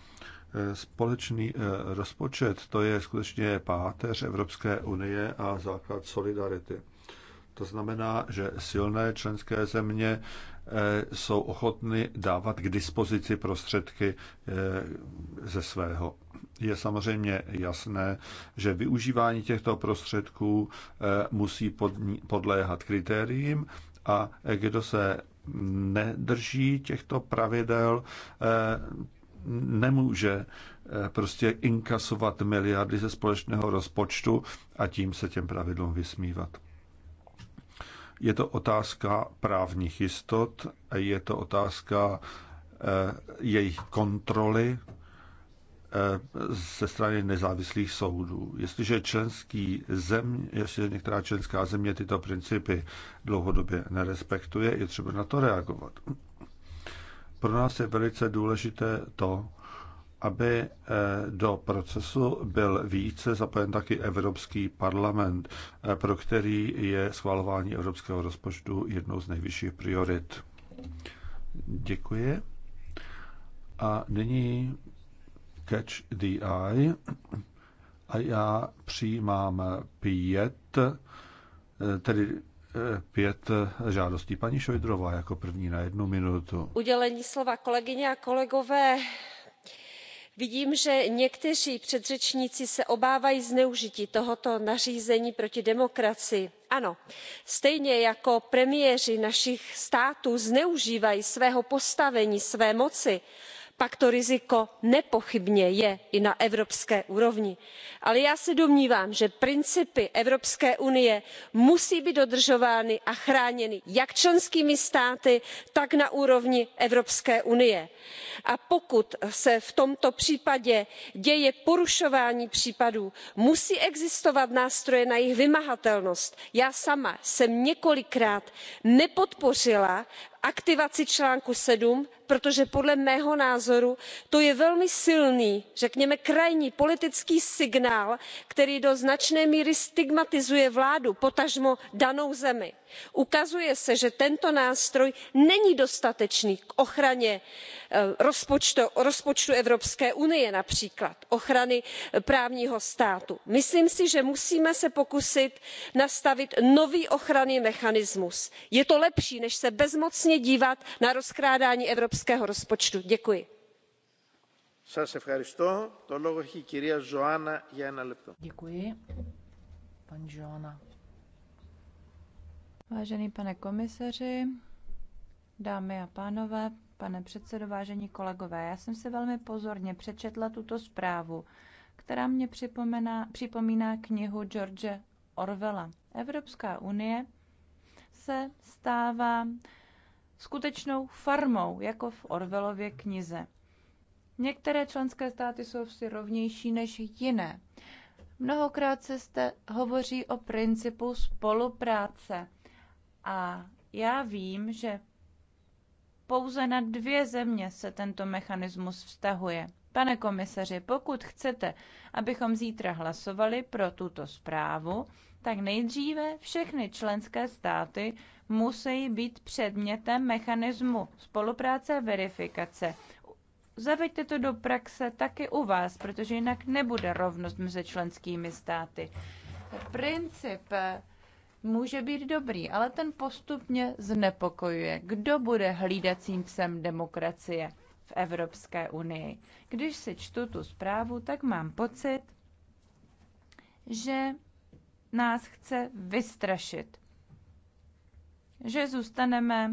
Společný eh, rozpočet to je skutečně páteř Evropské unie a základ solidarity. To znamená, že silné členské země eh, jsou ochotny dávat k dispozici prostředky eh, ze svého. Je samozřejmě jasné, že využívání těchto prostředků eh, musí podléhat kritériím a kdo se nedrží těchto pravidel, nemůže prostě inkasovat miliardy ze společného rozpočtu a tím se těm pravidlům vysmívat. Je to otázka právních jistot, je to otázka eh, jejich kontroly eh, ze strany nezávislých soudů. Jestliže členský zem, jestliže některá členská země tyto principy dlouhodobě nerespektuje, je třeba na to reagovat. Pro nás je velice důležité to, aby eh, do procesu byl více zapojen taky Evropský parlament, eh, pro který je schvalování evropského rozpočtu jednou z nejvyšších priorit. Děkuji. A nyní Catch the Eye. A já přijímám pět, eh, tedy pět žádostí. Paní Šojdrová jako první na jednu minutu. Udělení slova kolegyně a kolegové vidím že někteří předřečníci se obávají zneužití tohoto nařízení proti demokracii. ano stejně jako premiéři našich států zneužívají svého postavení své moci tak pak to riziko nepochybně je i na evropské úrovni ale já se domnívám že principy evropské unie musí být dodržovány a chráněny jak členskými státy tak na úrovni evropské unie a pokud se v tomto případě děje porušování případů musí existovat nástroje na jejich vymahatelnost. já sama jsem několikrát nepodpořila aktivaci článku seven protože podle mého názoru to je velmi silný řekněme krajní politický signál který do značné míry stigmatizuje vládu potažmo danou zemi ukazuje se že tento nástroj není dostatečný k ochraně eh, rozpočtu evropské unie například ochrany eh, právního státu. myslím si že se musíme pokusit nastavit nový ochranný mechanismus. je to lepší než se bezmocně dívat na rozkrádání evropského rozpočtu. děkuji. děkuji Vážený pane komisaři, dámy a pánové, pane předsedo, vážení kolegové, já jsem se velmi pozorně přečetla tuto zprávu, která mě připomíná, připomíná knihu George Orwella. Evropská unie se stává skutečnou farmou, jako v Orvelově knize. Některé členské státy jsou si rovnější než jiné. Mnohokrát se zde hovoří o principu spolupráce a já vím, že pouze na dvě země se tento mechanismus vztahuje. Pane komisaři, pokud chcete, abychom zítra hlasovali pro tuto zprávu, tak nejdříve všechny členské státy musí být předmětem mechanismu spolupráce a verifikace. Zaveďte to do praxe taky u vás, protože jinak nebude rovnost mezi členskými státy. Princip může být dobrý, ale ten postupně znepokojuje. Kdo bude hlídacím psem demokracie v Evropské unii? Když si čtu tu zprávu, tak mám pocit, že nás chce vystrašit. Že zůstaneme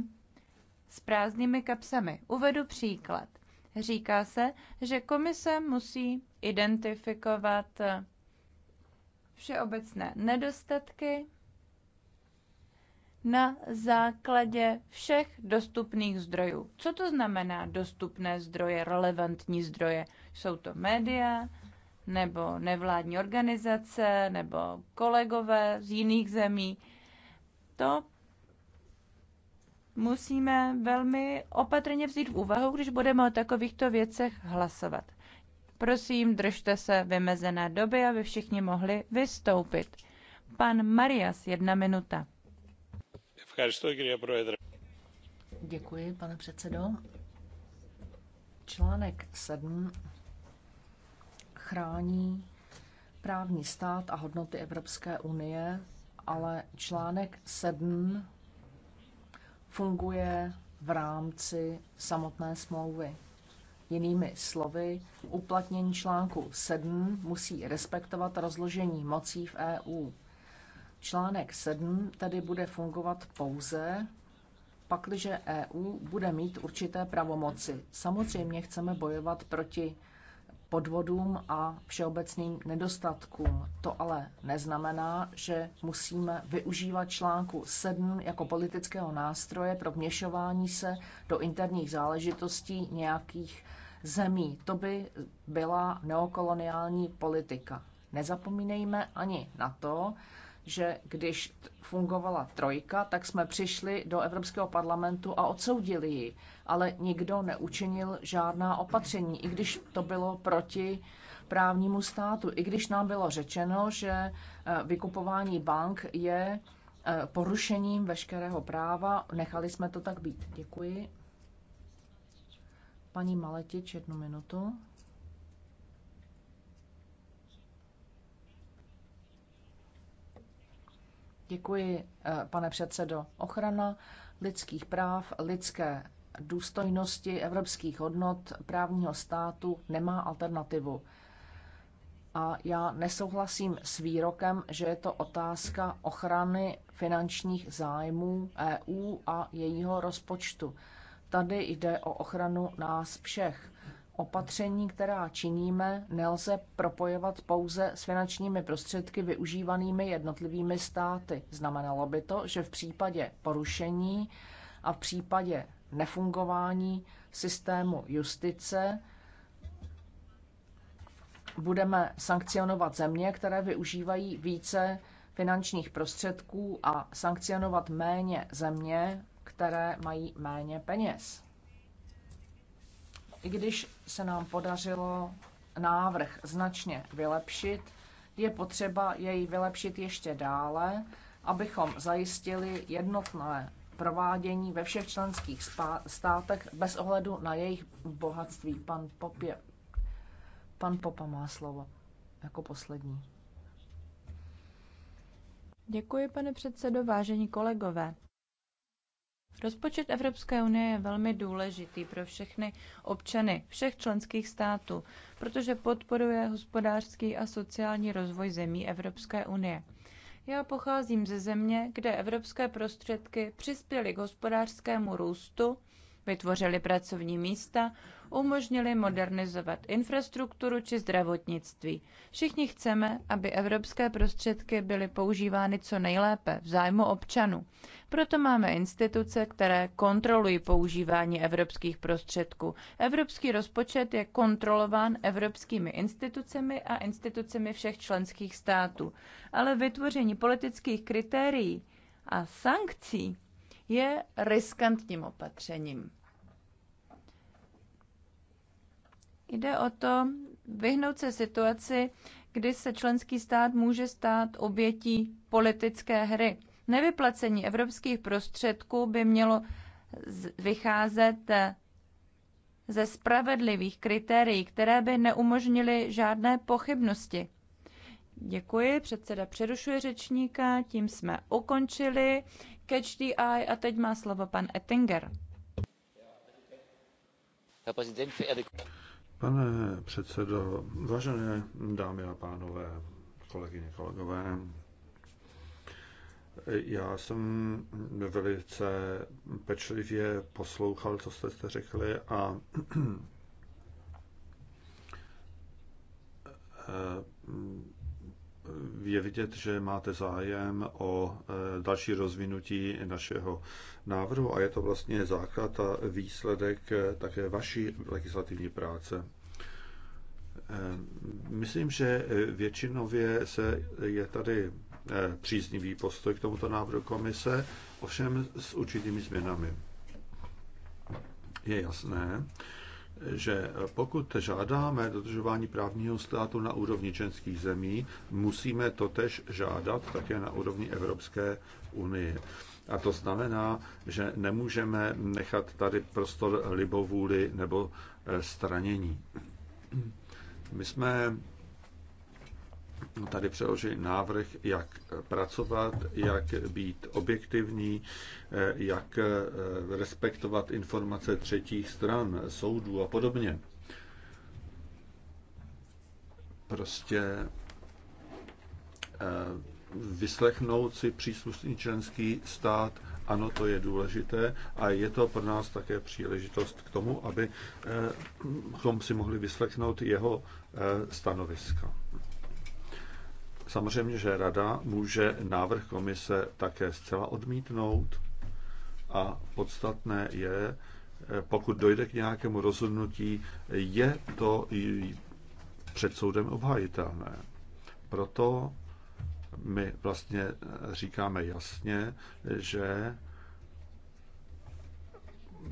s prázdnými kapsami. Uvedu příklad. Říká se, že komise musí identifikovat všeobecné nedostatky na základě všech dostupných zdrojů. Co to znamená dostupné zdroje, relevantní zdroje? Jsou to média, nebo nevládní organizace, nebo kolegové z jiných zemí. To musíme velmi opatrně vzít v úvahu, když budeme o takovýchto věcech hlasovat. Prosím, držte se vymezené doby, aby všichni mohli vystoupit. Pan Marias, jedna minuta. Děkuji, pane předsedo. Článek 7 chrání právní stát a hodnoty Evropské unie, ale článek 7 funguje v rámci samotné smlouvy. Jinými slovy, uplatnění článku 7 musí respektovat rozložení mocí v EU. Článek 7 tedy bude fungovat pouze, pakliže EU bude mít určité pravomoci. Samozřejmě chceme bojovat proti podvodům a všeobecným nedostatkům. To ale neznamená, že musíme využívat článku 7 jako politického nástroje pro vměšování se do interních záležitostí nějakých zemí. To by byla neokoloniální politika. Nezapomínejme ani na to, že když fungovala trojka, tak jsme přišli do Evropského parlamentu a odsoudili ji, ale nikdo neučinil žádná opatření, i když to bylo proti právnímu státu, i když nám bylo řečeno, že eh, vykupování bank je eh, porušením veškerého práva, nechali jsme to tak být. Děkuji. Paní Maletič, jednu minutu. Děkuji, eh, pane předsedo. Ochrana lidských práv, lidské důstojnosti, evropských hodnot, právního státu nemá alternativu. A já nesouhlasím s výrokem, že je to otázka ochrany finančních zájmů EU a jejího rozpočtu. Tady jde o ochranu nás všech opatření, která činíme, nelze propojovat pouze s finančními prostředky využívanými jednotlivými státy. Znamenalo by to, že v případě porušení a v případě nefungování systému justice budeme sankcionovat země, které využívají více finančních prostředků a sankcionovat méně země, které mají méně peněz. I když se nám podařilo návrh značně vylepšit, je potřeba jej vylepšit ještě dále, abychom zajistili jednotné provádění ve všech členských státech bez ohledu na jejich bohatství. Pan, Popě, pan Popa má slovo jako poslední. Děkuji, pane předsedo, vážení kolegové. Rozpočet Evropské unie je velmi důležitý pro všechny občany všech členských států, protože podporuje hospodářský a sociální rozvoj zemí Evropské unie. Já pocházím ze země, kde evropské prostředky přispěly k hospodářskému růstu vytvořili pracovní místa, umožnili modernizovat infrastrukturu či zdravotnictví. Všichni chceme, aby evropské prostředky byly používány co nejlépe v zájmu občanů. Proto máme instituce, které kontrolují používání evropských prostředků. Evropský rozpočet je kontrolován evropskými institucemi a institucemi všech členských států. Ale vytvoření politických kritérií a sankcí je riskantním opatřením. Jde o to vyhnout se situaci, kdy se členský stát může stát obětí politické hry. Nevyplacení evropských prostředků by mělo vycházet eh, ze spravedlivých kritérií, které by neumožnily žádné pochybnosti. Děkuji, předseda přerušuje řečníka, tím jsme ukončili Catch the Eye a teď má slovo pan Ettinger. Pane předsedo, vážené dámy a pánové, kolegyně, kolegové, já jsem velice pečlivě poslouchal, co jste, jste řekli a je vidět, že máte zájem o e, další rozvinutí našeho návrhu a je to vlastně základ a výsledek e, také vaší legislativní práce. E, myslím, že většinově se je tady příznivý postoj k tomuto návrhu komise, ovšem s určitými změnami. Je jasné, že pokud žádáme dodržování právního státu na úrovni členských zemí, musíme totež žádat také na úrovni Evropské unie. A to znamená, že nemůžeme nechat tady prostor libovůli nebo eh, stranění. My jsme tady přeložili návrh, jak pracovat, jak být objektivní, eh, jak eh, respektovat informace třetích stran, soudů a podobně. Prostě eh, vyslechnout si příslušný členský stát, ano, to je důležité a je to pro nás také příležitost k tomu, aby abychom si mohli vyslechnout jeho stanoviska. Samozřejmě, že rada může návrh komise také zcela odmítnout a podstatné je, eh, pokud dojde k nějakému rozhodnutí, je to před soudem obhajitelné. Proto my vlastně eh, říkáme jasně, že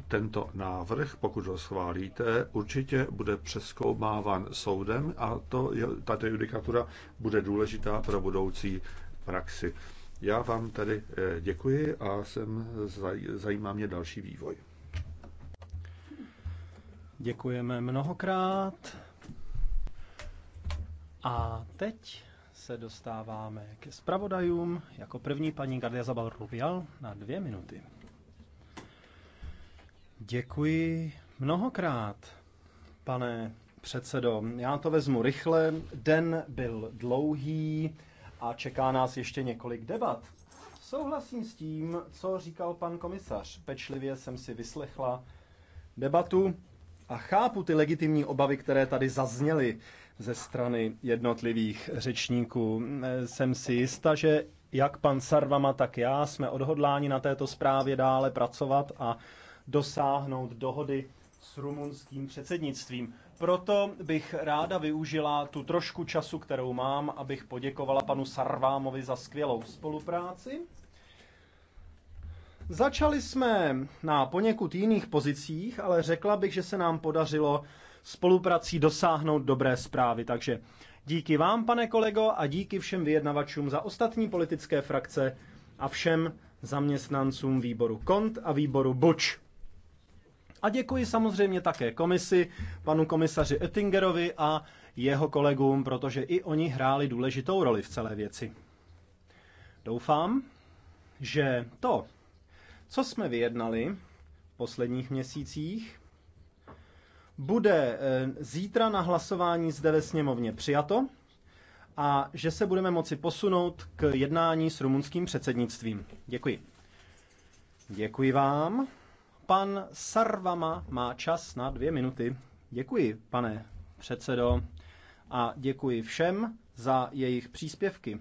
tento návrh, pokud ho schválíte, určitě bude přeskoumáván soudem a to, tato judikatura bude důležitá pro budoucí praxi. Já vám tady eh, děkuji a jsem, zajímá mě další vývoj. Děkujeme mnohokrát. A teď se dostáváme ke zpravodajům. Jako první paní Gardia Zabal Rubial na dvě minuty. Děkuji mnohokrát, pane předsedo. Já to vezmu rychle. Den byl dlouhý a čeká nás ještě několik debat. Souhlasím s tím, co říkal pan komisař. Pečlivě jsem si vyslechla debatu a chápu ty legitimní obavy, které tady zazněly ze strany jednotlivých řečníků. Jsem si jista, že jak pan Sarvama, tak já jsme odhodláni na této zprávě dále pracovat a dosáhnout dohody s rumunským předsednictvím. Proto bych ráda využila tu trošku času, kterou mám, abych poděkovala panu Sarvámovi za skvělou spolupráci. Začali jsme na poněkud jiných pozicích, ale řekla bych, že se nám podařilo spoluprací dosáhnout dobré zprávy. Takže díky vám, pane kolego, a díky všem vyjednavačům za ostatní politické frakce a všem zaměstnancům výboru KONT a výboru BUČ. A děkuji samozřejmě také komisi, panu komisaři Oettingerovi a jeho kolegům, protože i oni hráli důležitou roli v celé věci. Doufám, že to, co jsme vyjednali v posledních měsících, bude eh, zítra na hlasování zde ve sněmovně přijato a že se budeme moci posunout k jednání s rumunským předsednictvím. Děkuji. Děkuji vám. Pan Sarvama má čas na dvě minuty. Děkuji, pane předsedo, a děkuji všem za jejich příspěvky.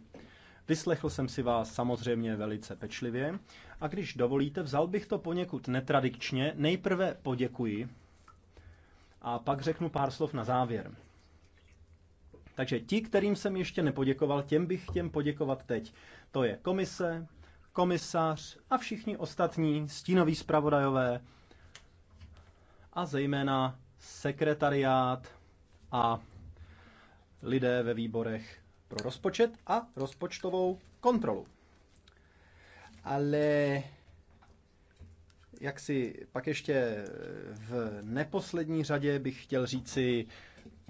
Vyslechl jsem si vás samozřejmě velice pečlivě a když dovolíte, vzal bych to poněkud netradičně. Nejprve poděkuji a pak řeknu pár slov na závěr. Takže ti, kterým jsem ještě nepoděkoval, těm bych chtěl poděkovat teď. To je komise, komisař a všichni ostatní stínoví zpravodajové a zejména sekretariát a lidé ve výborech pro rozpočet a rozpočtovou kontrolu. Ale jak si pak ještě v neposlední řadě bych chtěl říci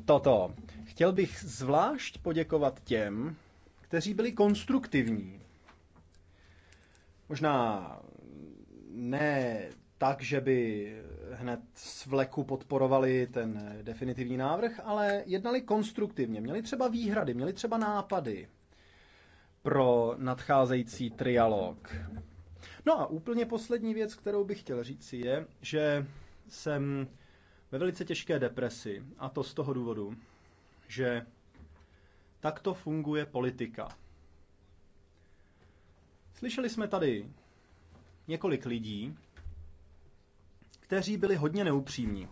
toto. Chtěl bych zvlášť poděkovat těm, kteří byli konstruktivní Možná ne tak, že by hned z vleku podporovali ten definitivní návrh, ale jednali konstruktivně. Měli třeba výhrady, měli třeba nápady pro nadcházející trialog. No a úplně poslední věc, kterou bych chtěl říct, je, že jsem ve velice těžké depresi. A to z toho důvodu, že takto funguje politika. Slyšeli jsme tady několik lidí, kteří byli hodně neupřímní.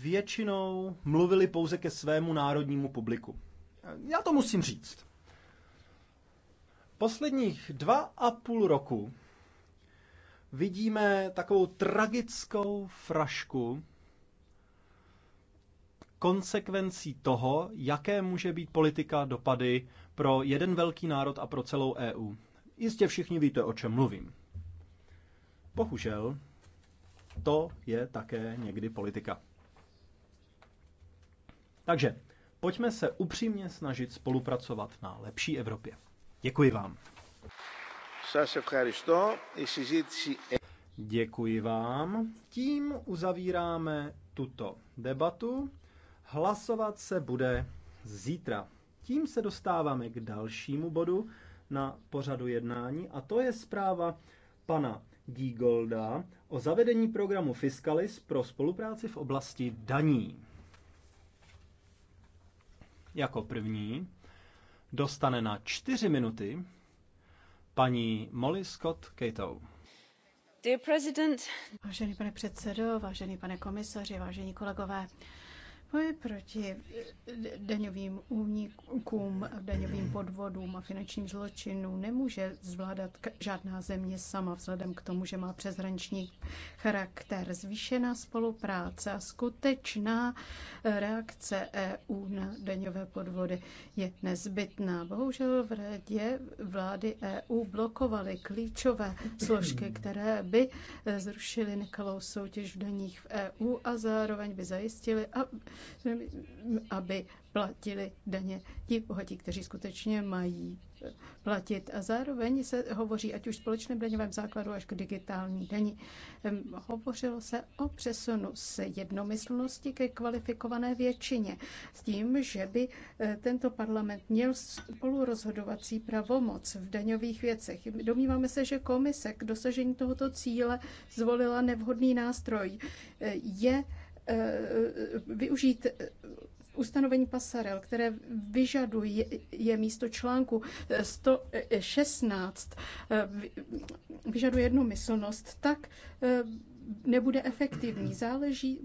Většinou mluvili pouze ke svému národnímu publiku. Já to musím říct. Posledních dva a půl roku vidíme takovou tragickou frašku konsekvencí toho, jaké může být politika dopady pro jeden velký národ a pro celou EU. Jistě všichni víte, o čem mluvím. Bohužel, to je také někdy politika. Takže pojďme se upřímně snažit spolupracovat na lepší Evropě. Děkuji vám. Děkuji vám. Tím uzavíráme tuto debatu. Hlasovat se bude zítra. Tím se dostáváme k dalšímu bodu na pořadu jednání a to je zpráva pana Gigolda o zavedení programu Fiscalis pro spolupráci v oblasti daní. Jako první dostane na čtyři minuty paní Molly Scott Cato. Vážený pane předsedo, vážený pane komisaři, vážení kolegové, Boj proti daňovým únikům, daňovým podvodům a finančním zločinům nemůže zvládat žádná země sama, vzhledem k tomu, že má přeshraniční charakter. Zvýšená spolupráce a skutečná eh, reakce EU na daňové podvody je nezbytná. Bohužel v radě vlády EU blokovaly klíčové složky, které by eh, zrušily nekalou soutěž v daních v EU a zároveň by zajistily, aby aby platili daně ti bohatí, kteří skutečně mají platit. A zároveň se hovoří ať už společném daňovém základu až k digitální daní. Hovořilo se o přesunu z jednomyslnosti ke kvalifikované většině s tím, že by e, tento parlament měl rozhodovací pravomoc v daňových věcech. Domníváme se, že komise k dosažení tohoto cíle zvolila nevhodný nástroj. E, je Eh, využít ustanovení pasarel, které vyžadují je místo článku 116, eh, vyžaduje jednomyslnost, tak eh, nebude efektivní. Záleží